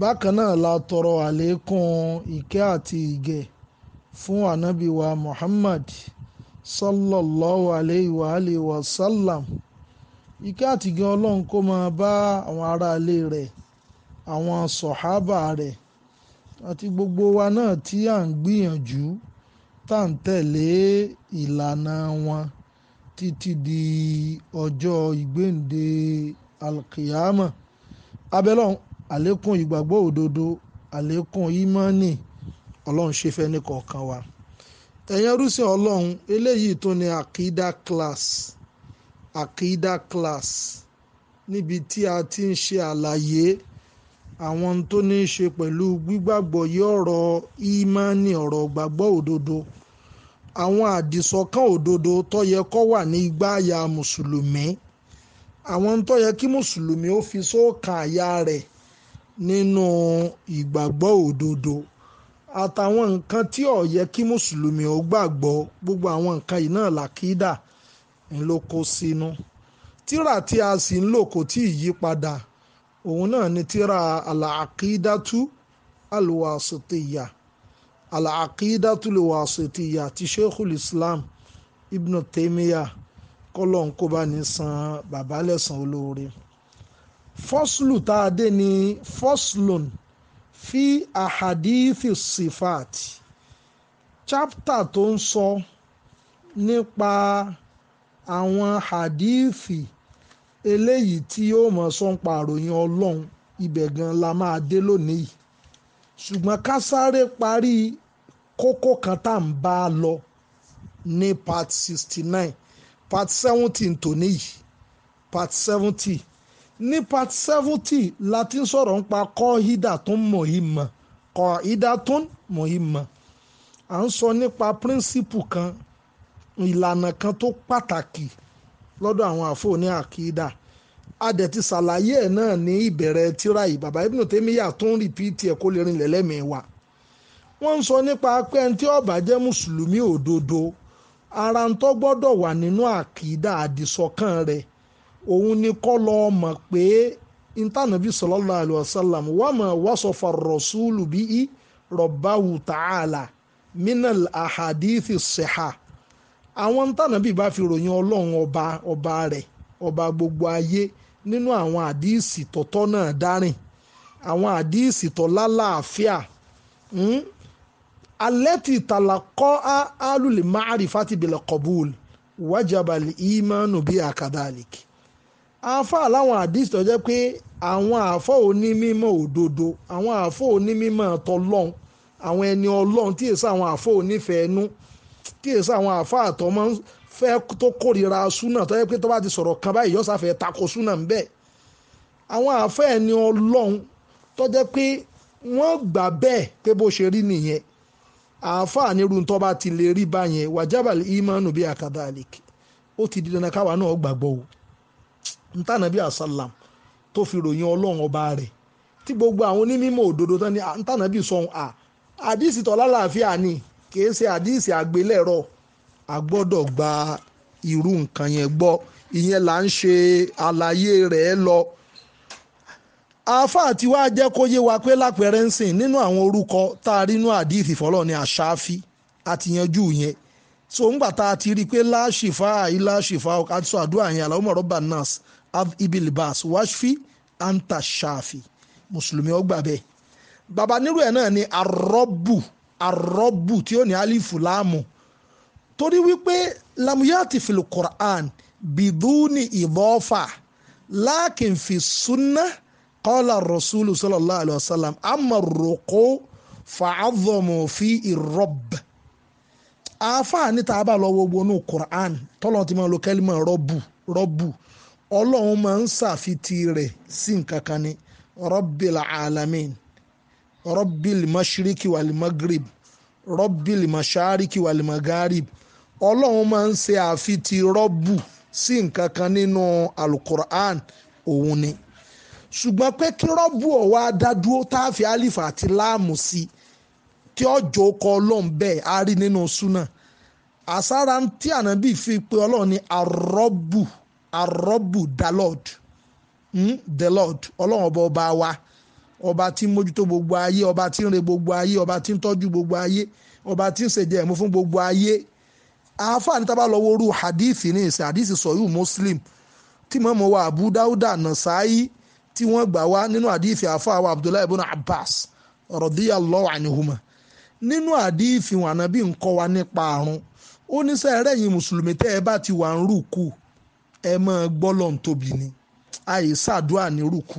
bákan náà la tọrọ àlékún ìkẹ́ àti ìgẹ̀ fún ànábì wa Muhammad sallallahu alayhi wa alayhi wa sallam ìkẹ́ àti ìgẹ̀ ọlọ́run kó máa bá àwọn aráalé rẹ̀ àwọn sọ̀hábà rẹ̀ àti gbogbo wa náà tí à ń gbìyànjú tá à ń tẹ̀lé ìlànà wọn títí di ọjọ́ ìgbéǹde alkiyama abẹ́lọ́run àlékún ìgbàgbọ́ òdodo àlékún ìmọ̀ọ́nì ọlọ́run ṣe fẹ́ ní wa ẹ̀yin ẹrúsìn ọlọ́run eléyìí tó ní akida class akida class níbi tí a ti ń ṣe àlàyé àwọn tó ní í ṣe pẹ̀lú gbígbàgbọ́ yí ọ̀rọ̀ ìmọ̀ọ́nì ọ̀rọ̀ gbàgbọ́ òdodo àwọn àdìsọ́kàn òdodo tó yẹ kó wà ní igbá àyà mùsùlùmí àwọn tó yẹ kí mùsùlùmí ó fi sóòkàn àyà rẹ̀ nínú ìgbàgbọ́ òdodo àtàwọn nǹkan tí ó yẹ kí mùsùlùmí ó gbàgbọ́ gbogbo àwọn nǹkan yìí náà làkídà ló kó sínú tíra tí a sì ń lò kò tí ì yí padà òun náà ni tíra àlàkídàtú alùwàsìtìyà àlàkídàtú alùwàsìtìyà ti sheikhul islam ibn taymiya kọ́lọ́n ní san bàbá lẹ́san olóore fọ́sùlù tá a dé ní fọ́sùlùn fi àhàdíìfì sífàtì chápítà tó ń sọ nípa àwọn àhàdíìfì eléyìí tí yóò mọ̀ sọ ń pa àròyìn ọlọ́run ibẹ̀ gan la máa dé lónìí ṣùgbọ́n ká sáré parí kókó kan tá à ń bá a lọ ní part sixty nine part seventy tòní yìí part seventy ní part seventy la ti ń sọ̀rọ̀ nípa kọ́ hídà tó ń mọ̀ yìí mọ̀ kọ́ hídà tó ń mọ̀ yìí mọ̀ à ń sọ nípa píríncípù kan ìlànà kan tó pàtàkì lọ́dọ̀ àwọn àfọ̀ọ́ ní àkídà adẹ̀ ti ṣàlàyé ẹ̀ náà ní ìbẹ̀rẹ̀ tíra yìí bàbá Ibn Taymiyyah tó ń rìpíìtì ẹ̀ kó lè rinlẹ̀ lẹ́mìí wa wọ́n ń sọ nípa pé ẹni tí ó jẹ́ mùsùlùmí òdodo ara ń tó gbọ́dọ̀ wà nínú àkídà àdìsọ́kàn rẹ̀ òun ni kọ́ lọ́ọ́ mọ̀ pé intanẹbi sallallahu alayhi wa sallam wàmà wàsọfà rọ̀ṣúlù bíi rọ̀báwù tààlà minal ahadithi sèha àwọn ntànàbí bá fi ròyìn ọlọ́run ọba ọba rẹ̀ ọba gbogbo ayé nínú àwọn àdíìsì tọ́tọ́ náà dárìn àwọn àdíìsì tọ́ hmm? alẹ́tì tàlàkọ́ alùlẹ̀ máàrí fatibìlẹ̀ kọ̀bùl wájàbàlì ìmánu bíi àkàdálìkì àáfà láwọn àdìs tó jẹ́ pé àwọn àáfà òní mímọ́ òdodo àwọn àáfà òní mímọ́ tọlọ́n àwọn ẹni ọlọ́run tí èsì àwọn àáfà onífẹ̀ẹ́ nú tí èsì àwọn àáfà àtọ́ máa ń fẹ́ tó kórìíra súnà tó jẹ́ pé tó bá ti sọ̀rọ̀ kan báyìí yọ́sàfẹ́ tako súnà ń bẹ́ẹ̀ àwọn àáfà ẹni ọlọ́run tó jẹ́ pé wọ́n gbà bẹ́ẹ̀ pé bó ṣe rí nìyẹn àáfàá nírú tó bá ti lè rí báyẹn wàjábàlì ìmánu bíi àkàdá àlèkè ó ti di dandan káwa náà gbàgbọ́ o ntànàbí àsálàm tó fi ròyìn ọlọ́run ọba rẹ̀ tí gbogbo àwọn onímọ̀ òdodo tán ni ntànàbí sọ̀hún à àdìsí tọ́lá làáfíà ni kìí ṣe àdìsí àgbélẹ̀rọ a gba irú nǹkan yẹn gbọ́ ìyẹn là ń ṣe àlàyé rẹ̀ lọ àáfàá tí wàá jẹ́ kó yé wa pé lápẹ̀rẹ̀ ń sìn nínú àwọn orúkọ tá a rí inú àdìsí fọlọ́ ni àṣáfi àtìyànjú yẹn so ń gbà tá a ti rí i pé láṣìfà àìláṣìfà àtúnṣe àdúrà yẹn Allahumma rabban nas av ibil bas washfi anta shafi mùsùlùmí ọgbà bẹ́ẹ̀ bàbá nírú ẹ̀ náà ni arọ́bù arọ́bù tí ó ní alifu láàmù torí wípé lamuyati fil Qur'an biduni idofa lakin fi sunna qala rasulu sallallahu alayhi wa sallam amma roko fa'adhamu fi irrob àáfàá ní tá a bá lọ wo wọnú Quran tọ́lọ́n ti máa lo kẹ́límọ̀ rọ́bù rọ́bù ọlọ́run máa ń ṣàfitì rẹ̀ sí nǹkan kan ní rọ́bìlà alamin rọ́bìlì mashiriki wàlì magrib rọ́bìlì mashariki wàlì magarib ọlọ́run máa ń ṣe àfitì rọ́bù sí nǹkan kan nínú alukur'an òun ni ṣùgbọ́n pé kí rọ́bù ọ̀ wá dá dúró tá a fi alifa àti láàmù sí i tí ọjọ́ kọ ọlọ́run bẹ́ẹ̀ a rí nínú súnà àsára tí ànábì fi pé ọlọ́run ní arọ́bù arọ́bù the lord mm? the lord ọlọ́run ọba ọba wa ọba tí ń mójútó gbogbo ayé ọba tí ń re gbogbo ayé ọba tí ń tọ́jú gbogbo ayé ọba tí ń ṣèjẹ́ ẹ̀mú fún gbogbo ayé àáfàá ní tábà lọ́wọ́ orú hadithi ní ìsìn hadithi sọ̀yù muslim tí mọ̀mọ́ wa abu dauda nasaayi tí wọ́n gbà wá nínú hadithi àáfàá wa abdullahi ibn abbas radiyallahu anhuma nínú àdífì wọn ànábì ń kọ́ wa nípa àrùn ó ní sẹ́ẹ̀rẹ́ yìí mùsùlùmí tẹ́ ẹ bá ti wà ń rúkú ẹ máa gbọ́lọ̀ ń tóbi ni àyè sàdúà ní rúkú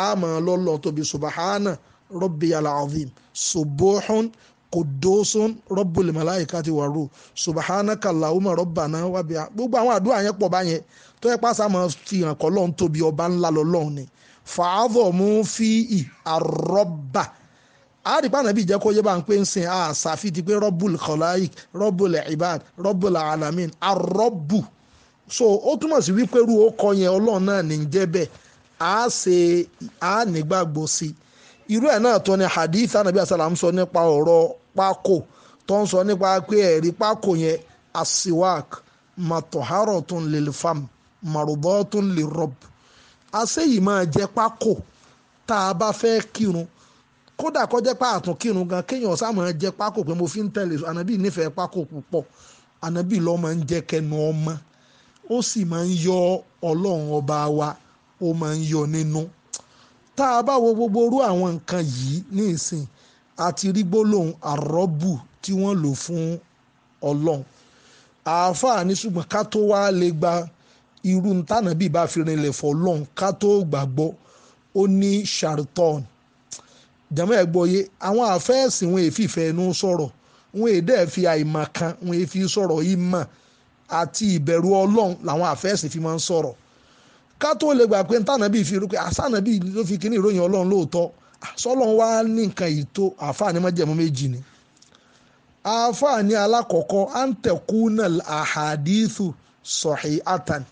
a máa lọ́lọ́ tóbi subahana rabbiyal azim subuhun kudusun rabbul malaikati wa ruh subhanaka allahumma rabbana wa biha gbogbo àwọn àdúrà yẹn pọ̀ báyẹn tó yẹ pàṣẹ àmọ́ fi hàn kọ́ lọ́n tóbi ọba ńlá lọ́lọ́run ni fàáfọ̀ mú fi ì àrọ́bà àrípa ànábì jẹ́ kó yé bá ń pè ń sìn á ṣàfihàn pé rọ́bùl rọ́bùl ibad rọ́bùl alamin arọ́bù so ó túmọ̀ sí wípé irú ọkọ yẹn ọlọ́run náà ní a bẹ́ẹ̀ ṣe á nígbàgbọ́ sí i irú ẹ̀ náà ni hadith anabi asalam sọ nípa ọ̀rọ̀ pákó tó ń sọ nípa pé ẹ̀rí pákó yẹn asiwak máa pákó tá a bá fẹ́ kírun kódà kó jẹ́ pé àtúnkírun gan kéèyàn sáàmù jẹ́ pákó pé mo fi ń tẹ̀lé ànábì nífẹ̀ẹ́ pákó púpọ̀ ànábì ló máa ń jẹ́ kẹnu ọmọ ó sì máa ń yọ ọlọ́run ọba wa ó máa ń yọ nínú tá a bá wo gbogbo irú àwọn nǹkan yìí ní ìsìn àti rí gbólóhùn àrọ́bù tí wọ́n lò fún ọlọ́run àáfàá ní ṣùgbọ́n ká tó wá lè gba irú ntànàbí bá fi rinlẹ̀ fọ́ ọlọ́run ká tó gbàgbọ́ ó ní sharton jàmọ́ ẹ̀ gbọ́ yé àwọn àfẹ́ẹ̀sì wọn èéfì fẹ́ẹ́nu sọ̀rọ̀ wọn èdè fi àìmọ̀ kan wọn èéfì sọ̀rọ̀ ìmọ̀ àti ìbẹ̀rù ọlọ́run làwọn àfẹ́ẹ̀sì fi máa ń sọ̀rọ̀ ká tó lè gbà pé ntànàbí fi rúkẹ́ àsànàbí ló fi kíní ìròyìn ọlọ́run lóòótọ́ sọ́lọ́run wá ní nǹkan yìí tó àfáàní májẹ̀mú méjì ni àfáàní alákọ̀ọ́kọ́ antekuna ahadithu sọ̀hí atan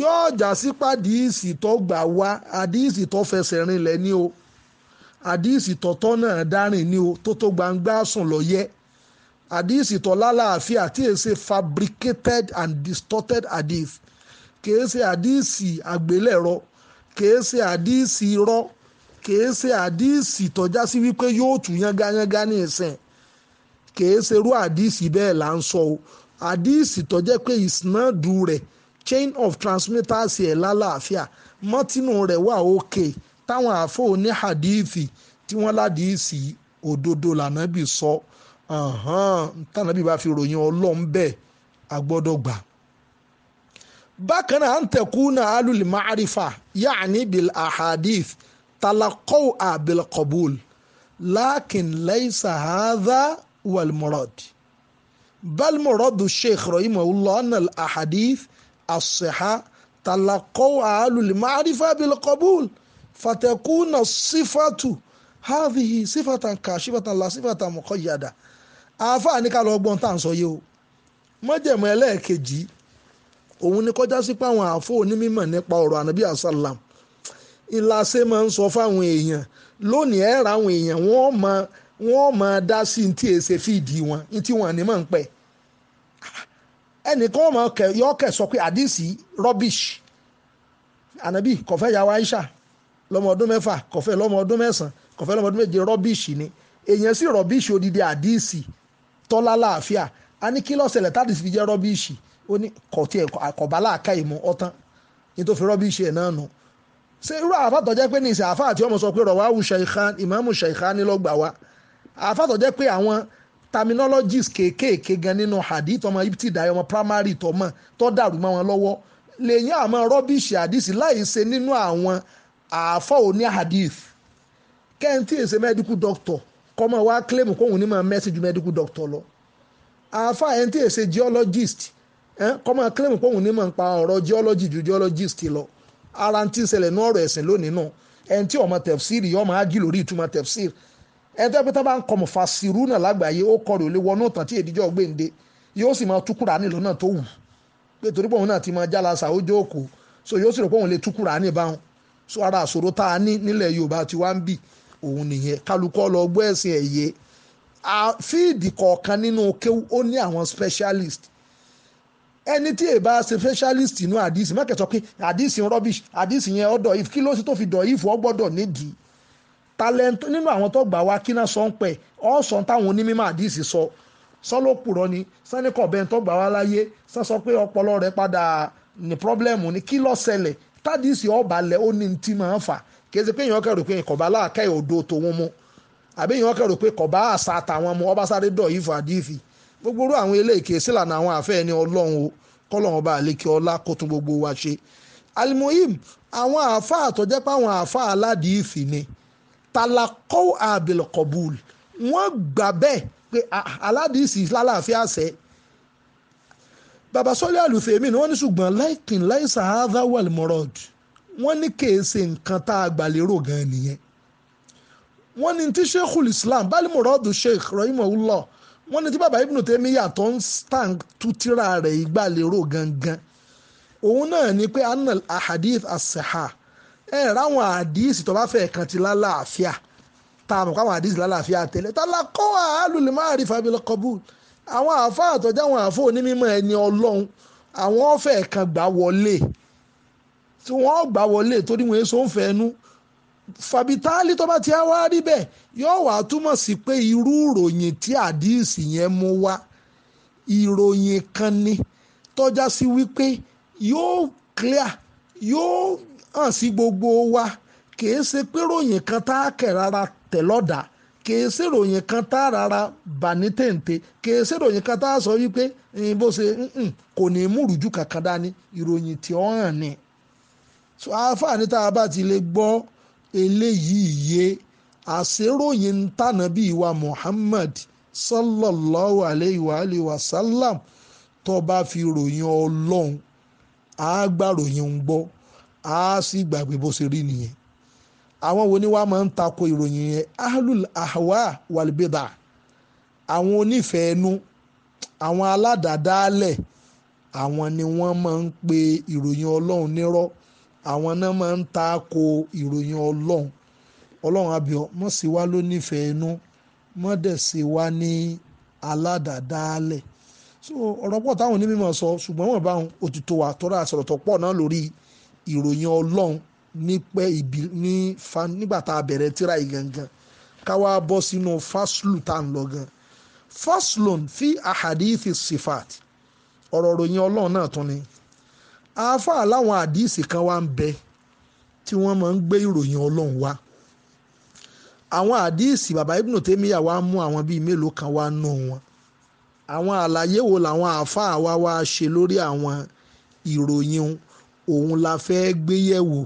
yóò jà sí pàdíìsì tó gbà wá àdíìsì tó fẹsẹ̀ rinlẹ̀ ní o àdíìsì tọ̀tọ́ náà dárìn ní o tó tó gbangba sùn lọ yẹ àdíìsì tọ́ lálàáfíà èsè fabricated and distorted àdíìs kìí ṣe àdíìsì àgbélẹ̀rọ kìí ṣe àdíìsì irọ́ kìí ṣe àdíìsì tọ́já sí wípé yóò tún yángayángá ní ìsìn kìí ṣe irú àdíìsì bẹ́ẹ̀ là ń sọ o àdíìsì tọ́jẹ́ pé ìsìnàdù rẹ̀ chain of transmitters ẹ̀ lálàáfíà mọ́tínú rẹ̀ wà ókè. Okay táwọn àáfọ̀ ní hadithi tí wọ́n ládìísì òdodo lànàbì sọ tànàbì bá fi ròyìn ọlọ́run bẹ́ẹ̀ a gbọ́dọ̀ gbà. bákan náà ń tẹ̀kú náà alùlì máàrífà yaani bil ahadith talakọ́wò abil qabul lakin laisa hadha wal murad bal muradu sheikh rahimahullah anna ahadith as-sihha alùlì máàrífà bil qabul fatakuna sífàtù hadhihi sífàtàn kà sífàtàn la sífàtàn muqayyada àáfàá ní ká lọ gbọ́n tá à ń sọ yìí o mọ́jẹ̀mọ́ ẹlẹ́ẹ̀kejì òun ni kọjá sí pé àwọn àáfò onímọ̀ nípa ọ̀rọ̀ ànábì àsálàm ìlàsẹ̀ máa ń sọ fáwọn èèyàn lónìí ẹ̀ ra àwọn èèyàn wọ́n máa wọ́n dá sí ní tí èsè fíìdì wọn ní tí wọ́n ní máa ń pẹ́ ẹnìkan wọn máa yọ ọkẹ sọ pé àdìsí rubbish ànábì kọfẹ́ yàwó Aisha lọ́mọ ọdún mẹ́fà kọ̀fẹ́ lọ́mọ ọdún mẹ́sàn kọ̀fẹ́ lọ́mọ ọdún méje rọ́bìṣì ni èèyàn sì rọ́bìṣì odidi àdìsí tọ́lá láàfíà a ní kí lọ́sẹ̀lẹ̀ tádìsí fi jẹ́ rọ́bìṣì ó ní kọ̀tí ẹ̀ kọ̀bá láàka ìmọ̀ ọ̀tán ní tó fi rọ́bìṣì ẹ̀ náà nù. ṣé irú àáfà tó jẹ́ pé ní ìsìn àáfà àti ọmọ sọ pé rọ̀wá ìmáàmù ṣàìkánì lọ́gbà wa àáfà tó jẹ́ pé àwọn terminologies kéékèèké gan nínú hadith ọmọ ibtida ọmọ primary tọmọ tó dàrú mọ́ wọn lọ́wọ́ lèyìn àmọ́ rọ́bìṣì àdìsí láì ṣe nínú àwọn àáfọ̀ ò ní hadith kẹ́hìntì ṣe medical doctor kọ́mọ wa claim kóhun ní máa message medical doctor lọ àáfà ẹ̀ǹtì ṣe geologist kọ́mọ claim kóhun ní máa ń pa ọ̀rọ̀ geology ju geologist lọ ara ń tí ń ṣẹlẹ̀ ní ọ̀rọ̀ ẹ̀sìn lónìí náà ẹ̀ǹtì ọmọ tẹ̀fsìrì yọ ọmọ ágì lórí ìtumọ̀ tẹ̀fsìrì ẹ̀ǹtì ẹ̀pẹ́tà bá ń kọ́ mọ̀ fàṣírù náà lágbàáyé ó kọ́ rò lé wọnú ìtàn tí èdíjọ́ gbèǹde yóò sì máa túkúrà ní lọ́nà tó wù pé torí òun náà ti máa jálasa ó jókòó so yóò sì rò pé òun lè túkúrà ní báwọn so ara àṣòro tá a ní nílẹ̀ yorùbá tí wá ń bì òun nìyẹn kálukọ́ lọ gbọ́ ẹ̀sìn ẹ̀yẹ fíìdì kọ̀ọ̀kan nínú kéwú ó ní àwọn specialist ẹni tí èèbá ṣe specialist inú àdìsí mẹ́kẹ̀tọ́ pé àdìsí rubbish àdìsí yẹn ọ̀dọ̀ if kí ló sì tó fi dọ̀ if ọ gbọ́dọ̀ nídìí talent nínú àwọn tó gbà wá kíná sọ ń pẹ̀ ọ́ sọ táwọn onímọ̀ àdìsí sọ sọlọ́pùrọ̀ ni sẹ́nìkọ̀ bẹ́ẹ̀ tó gbà wá láyé sọ pé ọpọlọ rẹ̀ padà ní pọ́blẹ́mù ni kí ló ṣẹlẹ̀ tádìsì ọba lẹ ó ní ti máa ń fà kì í ṣe pé èèyàn kẹrò pé kọba láàká ìhòdó tòun mu àbí èèyàn kẹrò pé kọba àṣà àtàwọn mu ọba sáré dọ̀ yìí fún àdìfì gbogbo orú àwọn eléyìí kìí sílànà àwọn àfẹ́ ẹni ọlọ́run o kọ́lọ́run ọba àlekè ọlá kó tún gbogbo wa ṣe alimoyim àwọn àáfà àtọ́jẹ́ pé àwọn àáfà aládìífì ni talakọ́ àbẹ̀lẹ̀kọ̀bùl wọ́n gbà bẹ́ẹ̀ pé ah, aládìísì lálàáfíà sẹ́ẹ́ bàbá sọ́lé àlùfẹ́mí ni wọ́n ní ṣùgbọ́n láìkìn láìsà áádá wàl mọ́rọ́d wọ́n ní kèé ṣe nǹkan tá a gbà lérò gan nìyẹn wọ́n ní tí sheikhul islam bali mọ́rọ́dù sheikh rahimahullah wọ́n ní tí bàbá ibnu tẹ́míyà tó ń tàn tútìrà rẹ̀ ìgbà lérò gangan òun náà ni pé anal ahadith asaha ẹ ráwọn àdìsí tó bá fẹ́ kàn ti lálàáfíà tá a mọ̀ káwọn àdìsí lálàáfíà tẹ́lẹ̀ tá a lakọ́ àálùlẹ̀ máa rí fabil qabul àwọn àáfàá àtọ́jà àwọn àáfàá onímọ̀ ẹni ọlọ́run àwọn ọ̀fẹ́ kan gbà wọlé tí wọ́n gbà wọlé torí wọn èso ń fẹ́ ẹnu fàbítálì tó bá ti wá rí bẹ́ẹ̀ yóò wá túmọ̀ sí pé irú ìròyìn tí àdíìsì yẹn mú wá ìròyìn kan ni tọ́já sí wípé yóò clear yóò hàn sí gbogbo wa kìí ṣe pé ròyìn kan tá a kẹ̀ rárá tẹ̀ lọ́dàá kèé sèròyìn kan tá rárá bà ní ka kèé sèròyìn kan tá sọ wípé bó ṣe kò ní múrùjú kankan dání ìròyìn tí ó hàn ni. so ni. tá a bá ti lè gbọ́ eléyìí yé àṣeròyìn bíi wa Muhammad sallallahu alayhi wa alayhi wa sallam tó bá fi ròyìn ọlọ́run àá gbà ròyìn ń gbọ́ àá sì gbàgbé bó ṣe rí nìyẹn. àwọn wo ni wàá máa ń takò ìròyìn yẹn ahlul ahwa walbeda àwọn onífẹ̀ẹ́nu àwọn aládàádálẹ̀ àwọn ni wọ́n máa ń pe ìròyìn ọlọ́run nírọ́ àwọn náà máa ń takò ìròyìn ọlọ́run ọlọ́run abiọ mọ̀ sí wa ló mọ̀ dẹ̀ sí wa ní aládàádálẹ̀ so ọ̀rọ̀ pọ̀ táwọn onímọ̀ sọ ṣùgbọ́n wọn bá wọn òtítọ́ wa tọ́ra àṣọ̀rọ̀tọ̀ pọ̀ náà lórí ìròyìn ọlọ́run ní pẹ́ ibi ní fa nígbà tá a bẹ̀rẹ̀ tíra yìí gangan ká wá bọ́ sínú fásilù tá à ń lọ gan faslun fi ahadithi sifat ọ̀rọ̀ ròyìn ọlọ́run náà tún ni àáfàá láwọn àdìsí kan wá ń bẹ tí wọ́n máa ń gbé ìròyìn ọlọ́run wá àwọn àdìsí bàbá ibnu tèmíyà wá mú àwọn bíi mélòó kan wá nù wọn àwọn àlàyé wo làwọn àáfàá wa wá ṣe lórí àwọn ìròyìn òun la fẹ́ gbé yẹ̀wò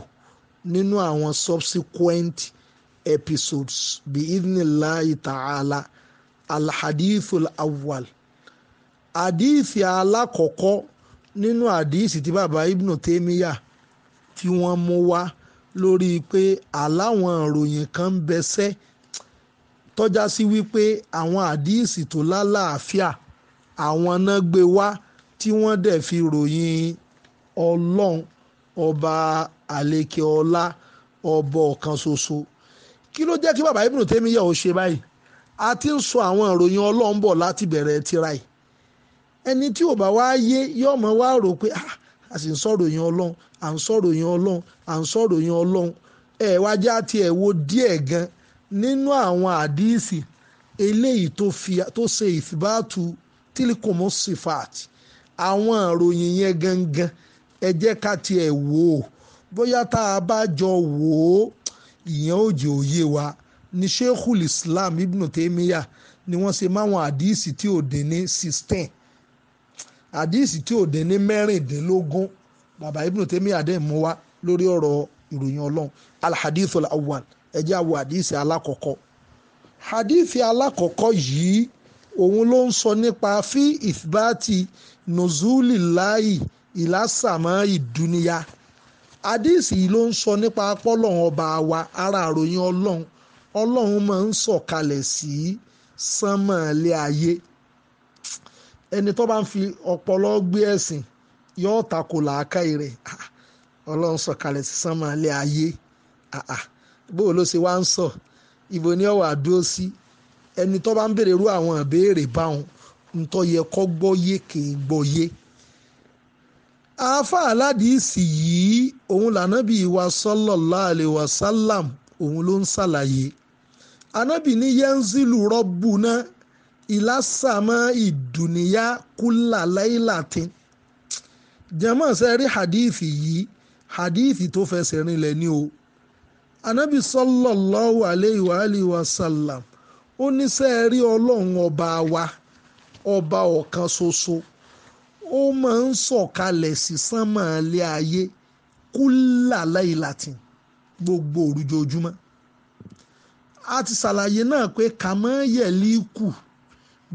nínú àwọn subsequent episodes bí idnillahi ta'ala alhadithul awwal hadithi alákọ̀ọ́kọ́ nínú hadithi tí bàbá ibnu temiya tí wọ́n mú wá lórí pé aláwọn ìròyìn kan ń bẹsẹ́ tọ́já sí wípé àwọn hadithi tó lálàáfíà àwọn náà gbé wá tí wọ́n dẹ̀ fi ròyìn ọlọ́run ọba àlekè ọlá ọbọ ọ̀kan ṣoṣo kí ló jẹ́ kí bàbá Ibn Taymiyyah ò ṣe báyìí a ti ń sọ àwọn ìròyìn Ọlọ́run bọ̀ láti bẹ̀rẹ̀ tírà yìí ẹni tí ò bá wá yé yóò mọ̀ wá rò pé ah, a sì ń sọ̀rọ̀ yẹn Ọlọ́run à ń sọ̀rọ̀ yẹn Ọlọ́run à ń sọ̀rọ̀ yẹn Ọlọ́run ẹ̀ wá já tiẹ̀ wo díẹ̀ gan nínú àwọn àdíìsì eléyìí tó ṣe ìfìbátu tílíkùmù sífàtì àwọn ìròyìn yẹn gangan ẹ jẹ́ ká tiẹ̀ wò ó bóyá tá a bá jọ wò ó ìyẹn ò jẹ́ òye wa ní sheikhul islam ibn taymiya ni wọ́n ṣe máwọn àdíìsì tí ò dín ní sixteen àdíìsì tí ò dín ní mẹ́rìndínlógún bàbá ibn taymiya dẹ̀ mú wa lórí ọ̀rọ̀ ìròyìn ọlọ́run alhadithul awwal ẹ jẹ́ á wo àdíìsì alákọ̀ọ́kọ́ hadithi alákọ̀ọ́kọ́ yìí òun ló ń sọ nípa fi ìfibáàtì nùzúlìláì ìlàsàmọ́ ìdúnìyà àdìsí ló ń sọ nípa pọ́lọ́hún ọba wa ara àròyìn ọlọ́run ọlọ́run máa ń sọ̀kalẹ̀ sí sánmọ̀lẹ́ ayé ẹni tó bá ń fi ọpọlọ gbé ẹ̀sìn yóò tako làákàyè rẹ̀ ah, ọlọ́run sọ̀kalẹ̀ sí sánmọ̀lẹ́ ayé ah, ah, bóò ló ṣe wá ń sọ ibo ni ọwọ́ àdúró sí ẹni tó bá ń béèrè irú àwọn ìbéèrè báwọn ń tó yẹ kó gbọ́ yé kì í gbọ́ yé àáfà aládìísì yìí òun lànábì wa sallallahu alaihi wasallam òun ló ń ṣàlàyé anábì ní yẹnzilu rọ́bùnà ìlàsàmọ́ ìdùnnìyà kúlà láìlàtín jẹ́mọ́ sẹ́rí hadithi yìí hadithi tó fẹsẹ̀ rinlẹ̀ ni o anábì sallallahu alaihi wa alihi wasallam ó ní sẹ́ẹ̀rí ọlọ́run ọba wa ọba ọ̀kan ṣoṣo. So -so ó máa ń sọ̀kalẹ̀ sí sánmọ̀ ilé ayé kúlà láìlàtì gbogbo òrùjojúmọ́ a ti ṣàlàyé náà pé kàmọ́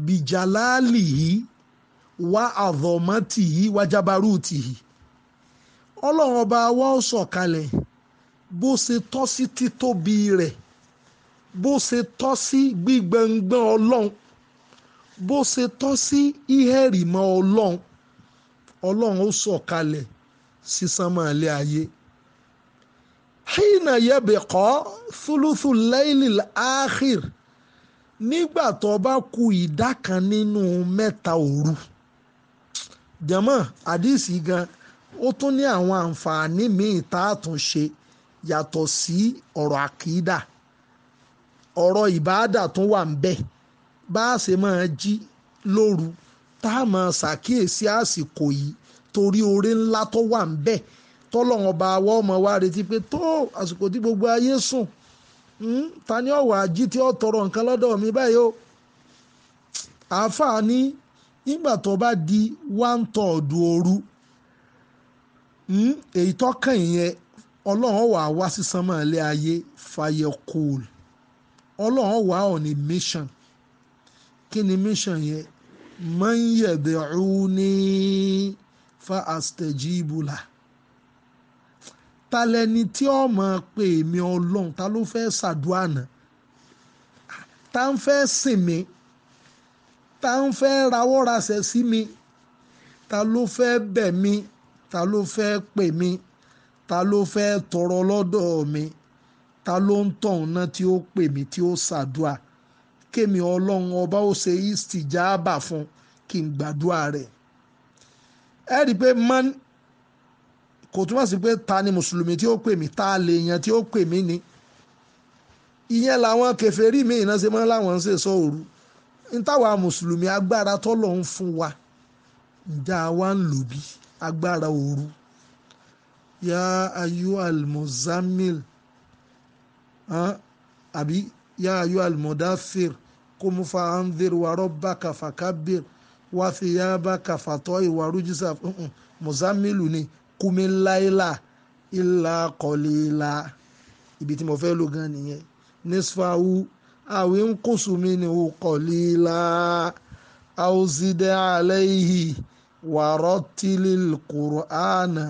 bìjàláàlì yìí wá àvọ̀mọ́tì yìí wá jábárùtì yìí ọlọ́run ọba wa ó sọ̀kalẹ̀ bó ṣe tọ́ sí títóbi rẹ̀ bó ṣe tọ́ sí gbígbẹ̀ngbẹ̀ ọlọ́run bó ṣe tọ́ sí ìhẹ́rìmọ́ ọlọ́run ọlọ́run ó sọ̀kalẹ̀ sí sánmọ̀ ilé ayé hina yabqa thuluthu laylil akhir nígbà tó bá ku ìdá kan nínú mẹ́ta òru jẹ̀mọ́ àdìsí gan ó tún ní àwọn àǹfààní míì tá a tún ṣe yàtọ̀ sí ọ̀rọ̀ àkídà ọ̀rọ̀ ìbáàdà tún wà ń bẹ̀ bá a ṣe máa jí lóru tá a máa ṣàkíyèsí àsìkò yìí torí oore ńlá tó wà ń bẹ tọ́lọ́run ọba àwọ̀ ọmọ wa retí pé tó àsìkò tí gbogbo ayé sùn hmm, ta ni ọ̀wọ̀ àjí tí ó tọrọ nǹkan lọ́dọ̀ mi báyìí o àáfàá ní nígbà tó bá di one third òru hmm, èyí tó kàn yẹn ọlọ́run wà wá sí sánmọ́ ilé ayé fire cool ọlọ́run wà on a mission kí ni mission yẹn man yad'uni fa astajibu lah ta lẹni tí ó máa pè mí ọlọ́run ta ló fẹ́ ṣàdúrà náà ta ń fẹ́ sìn mí ta ń fẹ́ rawọ́ rasẹ̀ sí mi ta ló fẹ́ bẹ̀ mí ta ló fẹ́ pè mí ta ló fẹ́ tọrọ lọ́dọ̀ mi ta ló ń tọ̀hún náà tí ó pè mí tí ó ṣàdúrà kémi ọlọ́run ọba ó ṣe istijaba fún kí n gbàdúrà rẹ̀ ẹ rí i pé man kò túmọ̀ sí pé ta ni mùsùlùmí tí ó pè mí ta lè yan tí ó pè mí ni ìyẹn làwọn kèfèrí mi ìná ṣe mọ́ láwọn ń ṣe sọ òru ń táwa mùsùlùmí agbára tọ́lọ̀ ń fún wa ǹjẹ́ àwa ń lò bí agbára òru ya ayu almuzamil àbí ya ayu almudafir قم فأنذر وربك فكبر وثيابك فطهر ورجس مزمل ni قم الليل إلا قليلا ibi tí mo fẹ́ lò gan nìyẹn nisfahu àwẹ̀ ń kóso mi ni o qalila àwòsídẹ́ alayhi wàrọ́tìlil qur'ana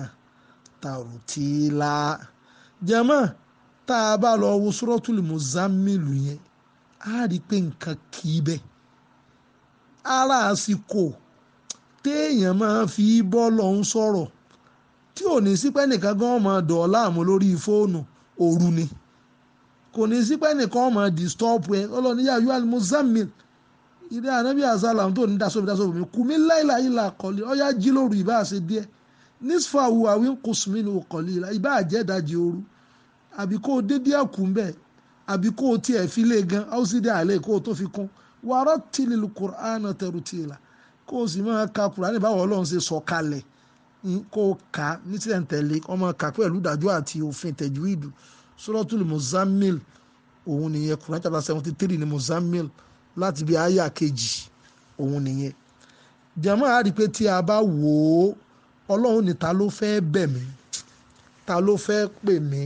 tartila jama tá a bá wo suratul muzammilu yẹn á rí i pé nǹkan kì í bẹ́ẹ̀ ara àsìkò téèyàn máa fi bọ́ lọ́hún sọ̀rọ̀ tí ò ní sípẹ́ nìkan gan ọmọ dọ̀ọ́lá àmọ́ lórí fóònù òru ni kò ní sípẹ́ nìkan ọmọ dìstọ́pù ẹ ọlọ́niyà yóò àlùmọ́ zammil ilé ànábì àzàlàm tó ní dasọ́bì dasọ́bì mi kù mí láìla ìlà kọ́lé ọ̀yá jí lóru ìbá ṣe díẹ̀ nísfà wù àwìn kùsùmí ni kọ́lé ìbá jẹ́ ìdajì òru dédé ẹ̀kú àbí kó o tiẹ̀ fi lé gan áùsídẹ̀ àlẹ́ kó o tó fi kún wàrọ̀ tìlì kùránà tẹ̀rù tìlà kó o sì máa ka kùránì báwo ọlọ́run ṣe sọ kalẹ̀ kó o kà á ní tìlẹ̀ ń tẹ̀lé ọmọ kà pẹ̀lú ìdájọ́ àti òfin tẹ̀júwìdù suratul muzammil òun nìyẹn kùránì chapter seventy three ni muzammil láti bí àyà kejì òun nìyẹn jẹ́mọ́ àá rí i pé tí a bá wò ó ọlọ́run ní ta ló fẹ́ bẹ̀ mí ta ló fẹ́ pè mí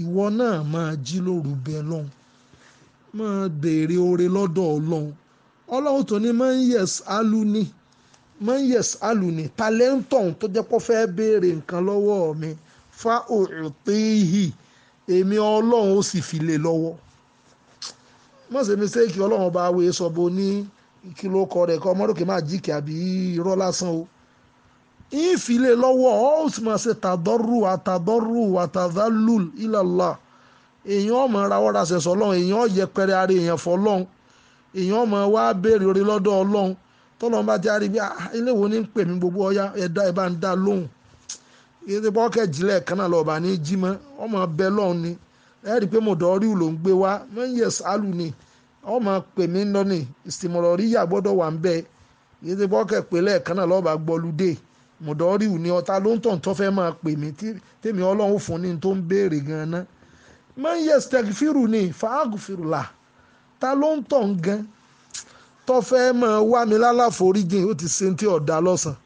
ìwọ náà máa jí lóru bẹ lọ́hùn máa béèrè oore lọ́dọ̀ ọlọ́hun ọlọ́hun tó ní máa ń yẹs aluni máa ń yẹs aluni talenton tó jẹ́ pọ́ fẹ́ béèrè nǹkan lọ́wọ́ mi fa òrùtéhì èmi ọlọ́hun ó sì fi lé lọ́wọ́ mọ̀ sí mistake ọlọ́hun bá wé sọ bo ní kí ló kọ rẹ̀ kọ́ ọmọdókè máa jíkì àbí irọ́ lásán o. ìfilé lọwọ ọ́ ó sì máa ṣe tàdọ́rù àtàdọ́rù ọmọ ara ọ̀rá ṣẹ̀ṣọ́ ọlọ́run èèyàn yẹpẹrẹ ara ma ọmọ wa béèrè orí bá ti ari bí ah, ilé ni ń gbogbo oya eda ẹ̀ bá ń dá lóhùn ìdí bọ́ọ̀kẹ́ jìlẹ̀ kan náà lọ́ọ̀bà ní ni ẹ rí i pé ń gbé wá alu ni ọmọ pè mí gbọ́dọ̀ wà ń ìdí bọ́ọ̀kẹ́ mùdọ́ríù ni ọta ló ń tàn tó fẹ́ máa pè mí tèmi ọlọ́run fún ni tó ń béèrè gan-an máa ń yẹ ni fàágùfìrù là ta ló ń tàn gan tó fẹ́ máa wá mi lálàforíjìn ó ti ṣe ti ọ̀dà lọ́sàn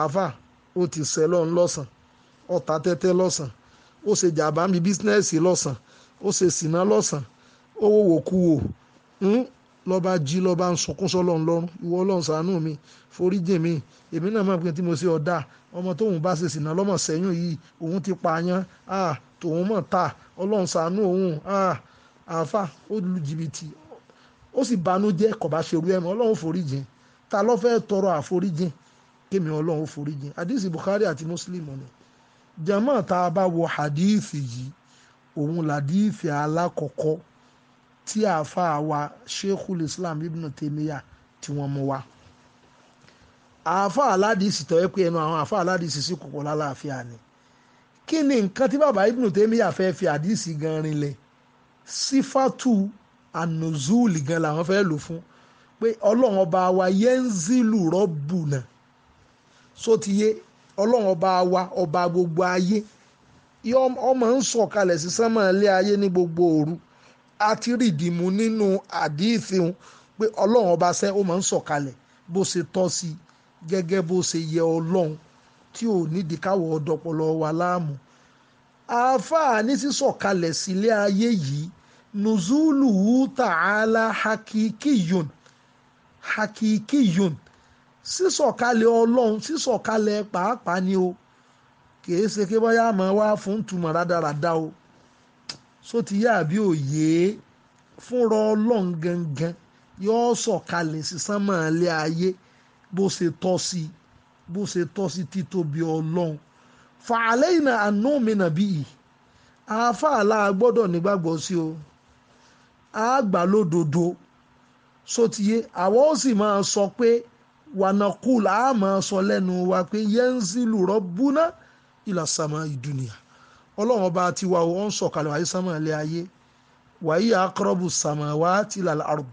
àáfà ó ti sẹ́lọ̀ lọ́sàn ọ̀tá tẹ́tẹ́ lọ́sàn ó ṣe jàmbá mi bísínẹ́sì lọ́sàn ó ṣe sìnà lọ́sàn ó wò wò kú wò lọ́ba jí lọ́ba ń sunkún sọ́lọ́run lọ́rùn ìwọ ọlọ́run ṣàánú mi. foríjì mi èmi náà mọ̀ pé tí mo ṣe ọ̀dà ọmọ tóun bá ṣe sìnà lọ́mọ sẹ́yìn yìí òun ti pààyàn ah tòun mọ̀ ta ọlọ́run ṣàánú òun ah àáfà ó lu jìbìtì ó sì banújẹ́ kò bá ṣerú ẹ̀ mọ́ ọlọ́run foríjì ta ló fẹ́ tọrọ àforíjì kémi ọlọ́run foríjì hadith Bukhari àti Muslim ni jama tá a bá wo hadith yìí òun làdíìfì alákọ̀ọ́kọ́ tí àáfà wa Sheikhul Islam Ibn Taymiyyah tí wọ́n mú wa àáfà aládìsí tọ́ ẹ pé ẹnu àwọn àáfà aládìsí sí kòkó lálàáfíà ni kí ni nǹkan tí bàbá Ibn Taymiyyah fẹ́ fi àdìsí gan rinlẹ̀ sífàtù ànùzúùlì gan làwọn fẹ́ lò fún pé ọlọ́run ọba wa yẹ́nzílù rọ́bù náà sótìyé ọlọ́run ọba wa ọba gbogbo ayé ọmọ ń sọ̀kalẹ̀ sí sánmọ̀ ayé ní gbogbo òru a ti rí ìdìmú nínú àdìsí pé ọlọ́run ọba sẹ́ ó ń sọ̀kalẹ̀ bó ṣe tọ́ sí i gẹ́gẹ́ bó ṣe yẹ ọlọ́run tí ò nídìí káwọ́ ọ̀dọ́pọlọ wa láàmú àáfàá ní sísọ̀kalẹ̀ sílé ayé yìí nùzúlù tààlà hakikiyun hakikiyun sísọ̀kalẹ̀ ọlọ́run sísọ̀kalẹ̀ pàápàá ni o kìí ṣe kí bọ́yá mọ̀ wá fún túmọ̀ rádaràda o só ti yá àbí òye fúnra ọlọ́run gangan yóò sọ̀kalẹ̀ sísánmọ́ ilé ayé. So bó ṣe tọ́ sí bó ṣe tọ́ sí títóbi ọlọ́run fàálẹ́ ìnà àánú mi nàbí yìí àáfàá gbọ́dọ̀ nígbàgbọ́ sí o àgbà lódodo sotiye àwọn ó sì máa sọ pé wanakul a máa sọ lẹ́nu wa pé yẹnzilu rọ́bùnà ìlàsàmà ìdúnìyà ọlọ́run ọba tiwa ó ń sọ̀kalẹ̀ wáyé sámà ilé ayé wàyí àkọ́rọ́bù sàmà wá tìlà àrùb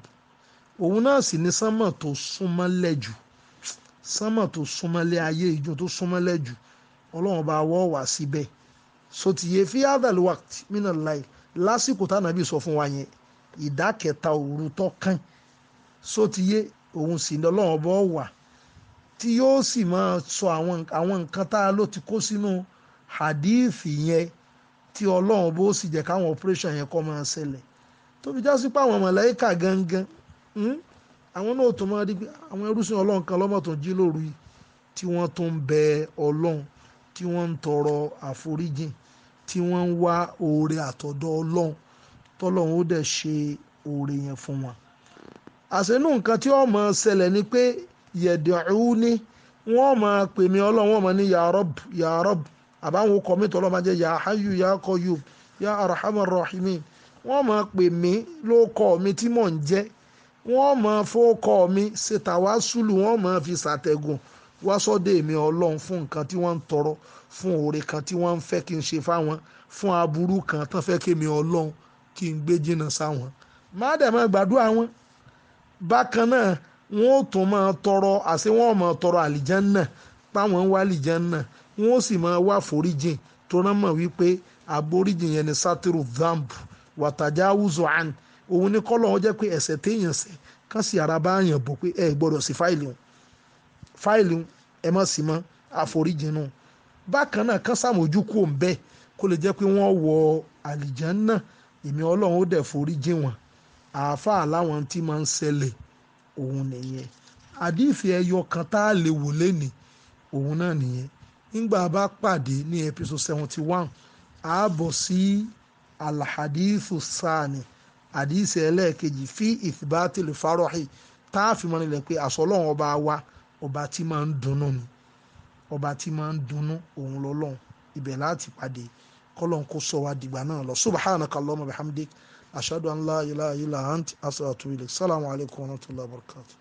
òun náà sì ní sámà tó súnmọ́ lẹ́jù sánmà tó súnmọ́lé ayé ìjọ tó súnmọ́lẹ̀ jù ọlọ́run bá wọ́ wá síbẹ̀ sotiye fi adal wakt mina lai lásìkò tánàbí sọ fún wa yẹn ìdá kẹta òru tó kàn sotiye òun sì ní ọlọ́run bọ́ wà tí yóò sì máa sọ àwọn nǹkan tá a ló ti kó sínú hadithi yẹn tí ọlọ́run bó sì jẹ́ káwọn operation yẹn kó máa ṣẹlẹ̀ tóbi já sí pé àwọn mọ̀lẹ́kà gangan hmm, àwọn náà tó máa rí àwọn ẹrúsìn ọlọ́run kan lọ́mọ tó jí lóru tí wọ́n tó ń bẹ ọlọ́run tí wọ́n ń tọrọ àforíjìn tí wọ́n ń wá oore àtọ̀dọ̀ ọlọ́run tọ́lọ́run ó dẹ̀ ṣe oore yẹn fún wọn. àṣẹnú nǹkan tí wọ́n máa ṣẹlẹ̀ ni pé yẹ̀dẹ̀ẹ́wú ni wọ́n máa pè mí ọlọ́run wọ́n máa ní ya Rabb ya àbáwọn okọ̀ mi tọ́lọ́ máa jẹ́ wọ́n máa fọ́kọ́ mi ṣètà wá sùlù wọ́n máa fi ṣàtẹ̀gùn wá sọ́dọ̀ èmi ọlọ́run fún nǹkan tí wọ́n ń tọrọ fún oore kan tí wọ́n ń fẹ́ kí n ṣe fáwọn fún aburú kan tán fẹ́ kí èmi ọlọ́run kí n gbé jìnnà sáwọn má dẹ̀ máa gbàdúrà wọn bákan náà wọn ò tún máa tọrọ àṣé wọn ò máa tọrọ àlìjánná táwọn ń wá àlìjánná wọn ò sì máa wá foríjìn tó rán mọ̀ wípé àboríjìn yẹn ni sátírù dhamb wàtàjà awùzọ̀ àná òun ni kọ́lọ̀ wọn jẹ́ pé ẹ̀sẹ̀ téèyàn ṣẹ̀ kàn sì ara bá yàn bò pé ẹ gbọ́dọ̀ sí fáìlì wọn fáìlì wọn ẹ má sì mọ́ àforíjìn nù bákan náà kàn sàmójú kò ń bẹ́ẹ̀ kó lè jẹ́ pé wọ́n wọ náà èmi ọlọ́run ó dẹ̀ foríjìn wọn àáfàá làwọn tí máa ń ṣẹlẹ̀ òun nìyẹn àdìsí ẹyọ kan tá a lè wò lẹ́ni òun náà nìyẹn nígbà bá pàdé ní episode seventy one ààbọ̀ sí alhadithu sani. àdìsí ẹlẹ́ẹ̀kejì fi ìfìbátìlì fárọ́hì tá a fi mọ́ nílẹ̀ pé àṣọ ọlọ́run ọba wa ọba tí máa ń dunnú ni ọba tí máa ń dunnú òun lọ́lọ́run ibẹ̀ láti pàdé kọ́lọ́n kó sọ wa dìgbà náà lọ subhanaka allahumma bihamdik ashhadu an la ilaha illa ant asalatu ilayk salamu alaykum wa rahmatulahi wa barakatuh.